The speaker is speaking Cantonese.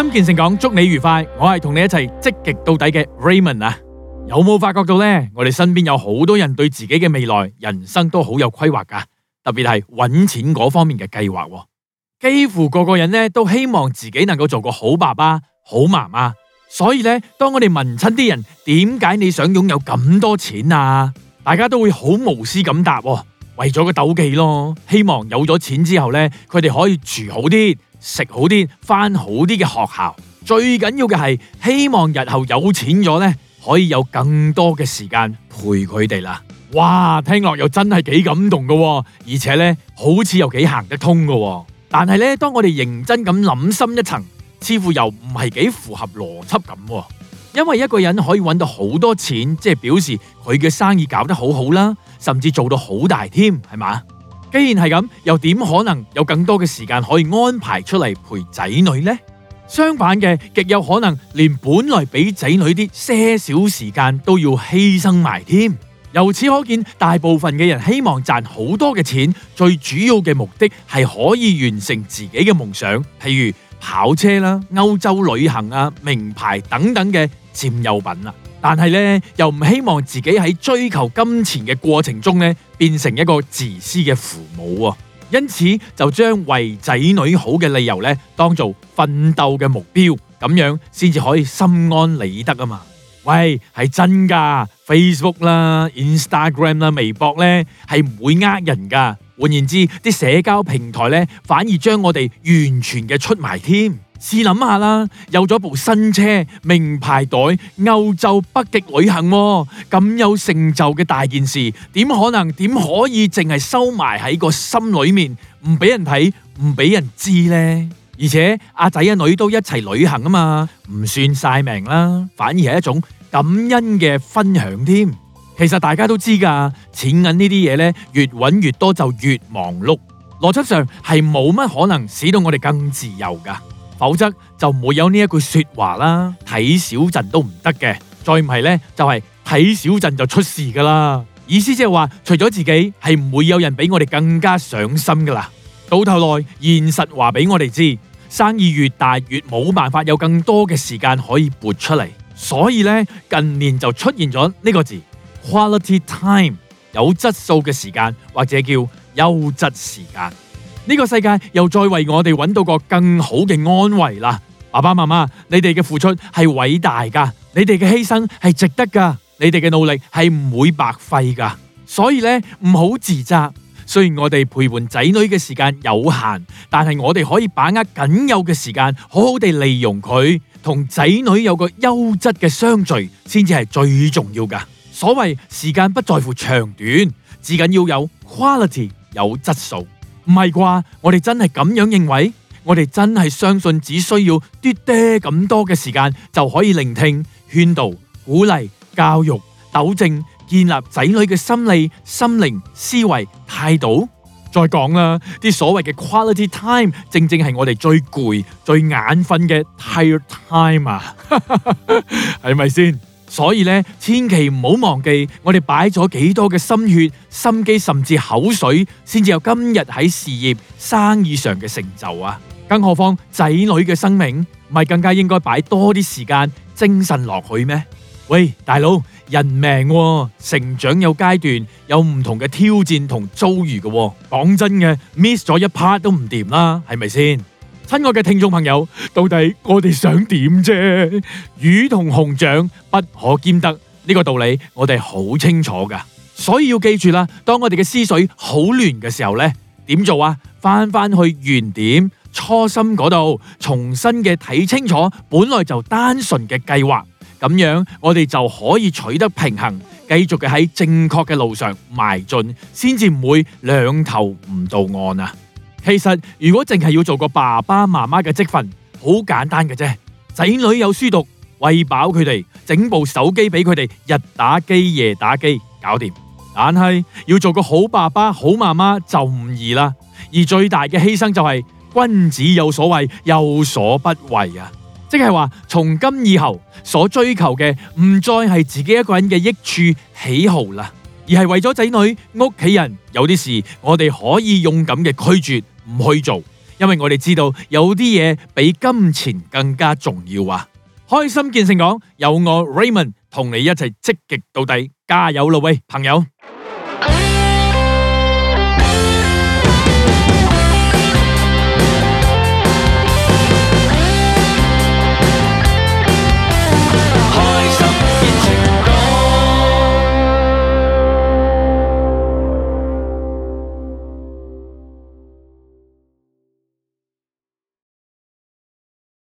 開心見誠講：祝你愉快，我係同你一齊積極到底嘅 Raymond 啊！有冇發覺到呢？我哋身邊有好多人對自己嘅未來、人生都好有規劃噶特別係搵錢嗰方面嘅計劃，幾乎個個人呢都希望自己能夠做個好爸爸、好媽媽。所以呢，當我哋問親啲人點解你想擁有咁多錢啊？大家都會好無私咁答，哦，為咗個鬥氣咯，希望有咗錢之後呢，佢哋可以住好啲。食好啲，翻好啲嘅學校，最緊要嘅係希望日後有錢咗呢，可以有更多嘅時間陪佢哋啦。哇，聽落又真係幾感動噶，而且呢，好似又幾行得通噶。但係呢，當我哋認真咁諗深一層，似乎又唔係幾符合邏輯咁。因為一個人可以揾到好多錢，即係表示佢嘅生意搞得好好啦，甚至做到好大添，係嘛？既然係咁，又點可能有更多嘅時間可以安排出嚟陪仔女呢？相反嘅，極有可能連本來俾仔女啲些少時間都要犧牲埋添。由此可見，大部分嘅人希望賺好多嘅錢，最主要嘅目的係可以完成自己嘅夢想，譬如跑車啦、歐洲旅行啊、名牌等等嘅佔有品啦。但係咧，又唔希望自己喺追求金錢嘅過程中咧，變成一個自私嘅父母啊！因此就將為仔女好嘅理由咧，當做奮鬥嘅目標，咁樣先至可以心安理得啊嘛！喂，係真噶，Facebook 啦、Instagram 啦、微博咧，係唔會呃人噶。換言之，啲社交平台咧，反而將我哋完全嘅出埋添。試諗下啦，有咗部新車、名牌袋、歐洲北極旅行喎，咁有成就嘅大件事，點可能點可以淨係收埋喺個心裏面，唔俾人睇，唔俾人知呢？而且阿仔阿女都一齊旅行啊嘛，唔算曬命啦，反而係一種感恩嘅分享添。其實大家都知噶，錢銀呢啲嘢呢，越搵越多就越忙碌，邏輯上係冇乜可能使到我哋更自由噶。否則就唔會有呢一句說話啦，睇小陣都唔得嘅，再唔係呢，就係、是、睇小陣就出事噶啦。意思即係話，除咗自己係唔會有人比我哋更加上心噶啦。到頭來，現實話俾我哋知，生意越大越冇辦法有更多嘅時間可以撥出嚟。所以呢，近年就出現咗呢個字 quality time，有質素嘅時間或者叫優質時間。呢個世界又再為我哋揾到個更好嘅安慰啦。爸爸媽媽，你哋嘅付出係偉大噶，你哋嘅犧牲係值得噶，你哋嘅努力係唔會白費噶。所以呢，唔好自責。雖然我哋陪伴仔女嘅時間有限，但係我哋可以把握僅有嘅時間，好好地利用佢，同仔女有個優質嘅相聚，先至係最重要噶。所謂時間不在乎長短，只緊要有 quality 有質素。唔係啩？我哋真係咁樣認為，我哋真係相信，只需要跌爹咁多嘅時間就可以聆聽、勸導、鼓勵、教育、糾正、建立仔女嘅心理、心靈、思維、態度。再講啦，啲所謂嘅 quality time，正正係我哋最攰、最眼瞓嘅 tired time 啊，係咪先？所以呢，千祈唔好忘記，我哋擺咗幾多嘅心血、心機，甚至口水，先至有今日喺事業、生意上嘅成就啊！更何況仔女嘅生命，咪更加應該擺多啲時間、精神落去咩？喂，大佬，人命喎，成長有階段，有唔同嘅挑戰同遭遇嘅喎。講真嘅，miss 咗一 part 都唔掂啦，係咪先？親愛嘅聽眾朋友，到底我哋想點啫？魚同熊掌不可兼得，呢個道理我哋好清楚噶。所以要記住啦，當我哋嘅思緒好亂嘅時候呢，點做啊？翻翻去原點、初心嗰度，重新嘅睇清楚本來就單純嘅計劃，咁樣我哋就可以取得平衡，繼續嘅喺正確嘅路上邁進，先至唔會兩頭唔到岸啊！其實如果淨係要做個爸爸媽媽嘅職份，好簡單嘅啫。仔女有書讀，餵飽佢哋，整部手機俾佢哋，日打機夜打機，搞掂。但係要做個好爸爸好媽媽就唔易啦。而最大嘅犧牲就係君子有所為有所不為啊，即係話從今以後所追求嘅唔再係自己一個人嘅益處喜好啦。而係為咗仔女，屋企人有啲事，我哋可以勇敢嘅拒絕唔去做，因為我哋知道有啲嘢比金錢更加重要啊！開心見誠講，有我 Raymond 同你一齊積極到底，加油咯，喂朋友！